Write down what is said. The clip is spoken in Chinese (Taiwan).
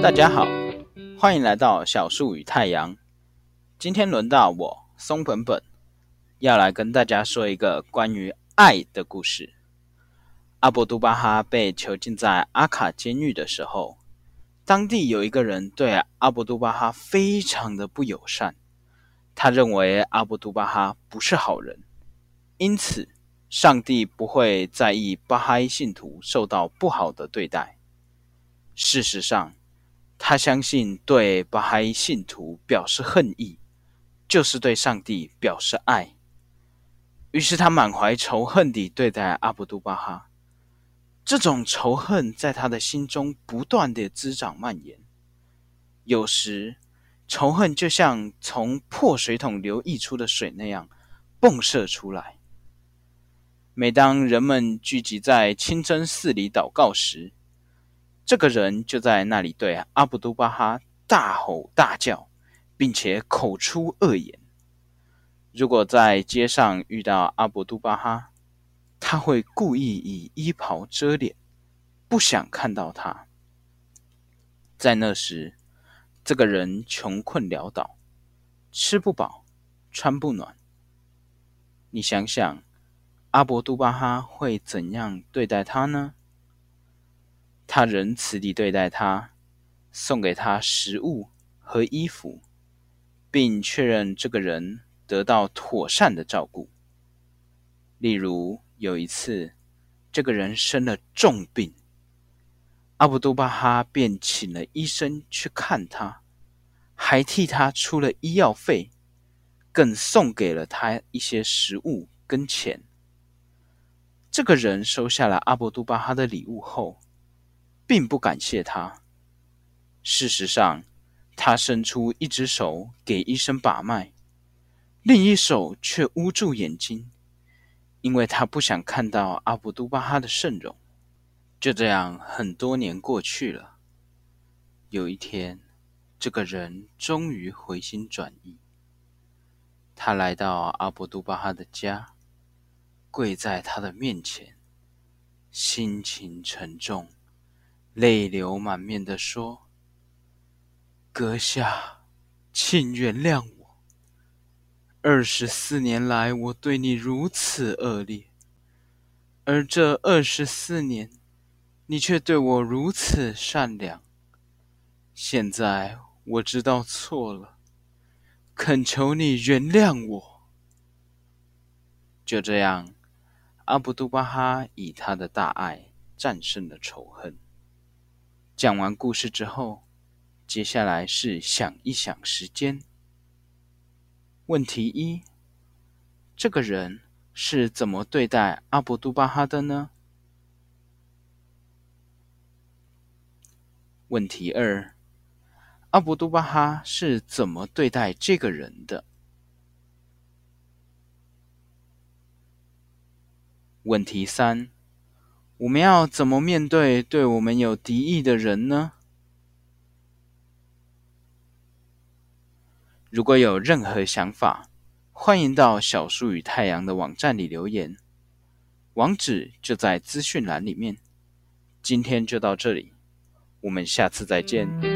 大家好，歡迎來到小樹與太陽。今天輪到我，松本本，要來跟大家說一個關於愛的故事。阿博都巴哈被囚禁在阿卡監獄的時候，當地有一個人對阿博都巴哈非常的不友善，他認為阿博都巴哈不是好人，因此上帝不會在意巴哈伊信徒受到不好的對待。事實上。他相信，對巴哈伊信徒表示恨意，就是對上帝表示愛。於是，他滿懷仇恨地對待阿博都巴哈。這種仇恨在他的心中不斷地滋長蔓延。有時，仇恨就像從破水桶流溢出的水那樣，迸射出來。每當人們聚集在清真寺裡禱告時，這個人就在那裡對阿博都巴哈大吼大叫，並且口出惡言。如果在街上遇到阿博都巴哈，他會故意以衣袍遮臉，不想看到他。在那時，這個人窮困潦倒，吃不飽，穿不暖。你想想，阿博都巴哈會怎樣對待他呢？他仁慈地對待他，送給他食物和衣服，並確認這個人得到妥善的照顧。例如，有一次這個人生了重病，阿博都巴哈便請了醫生去看他，還替他出了醫藥費，更送給了他一些食物跟錢。這個人收下了阿博都巴哈的禮物後，並不感謝他。事實上，他伸出一隻手給醫生把脈，另一手卻捂住眼睛，因為他不想看到阿博都巴哈的聖容。就這樣，很多年過去了。有一天，這個人終於回心轉意，他來到阿博都巴哈的家，跪在他的面前，心情沉重。淚流滿面地說：“閣下，請原諒我。二十四年來，我對你如此惡劣，而這二十四年，你卻對我如此善良。現在我知道錯了，懇求你原諒我。”就這樣，阿博都巴哈以他的大愛戰勝了仇恨。講完故事之後，接下來是想一想時間。問題一，這個人是怎麼對待阿博都巴哈的呢？問題二，阿博都巴哈是怎麼對待這個人的？問題三。我們要怎麼面對對我們有敵意的人呢？如果有任何想法，歡迎到小樹與太陽的網站裡留言，網址就在資訊欄裡面。今天就到這裡，我們下次再見。嗯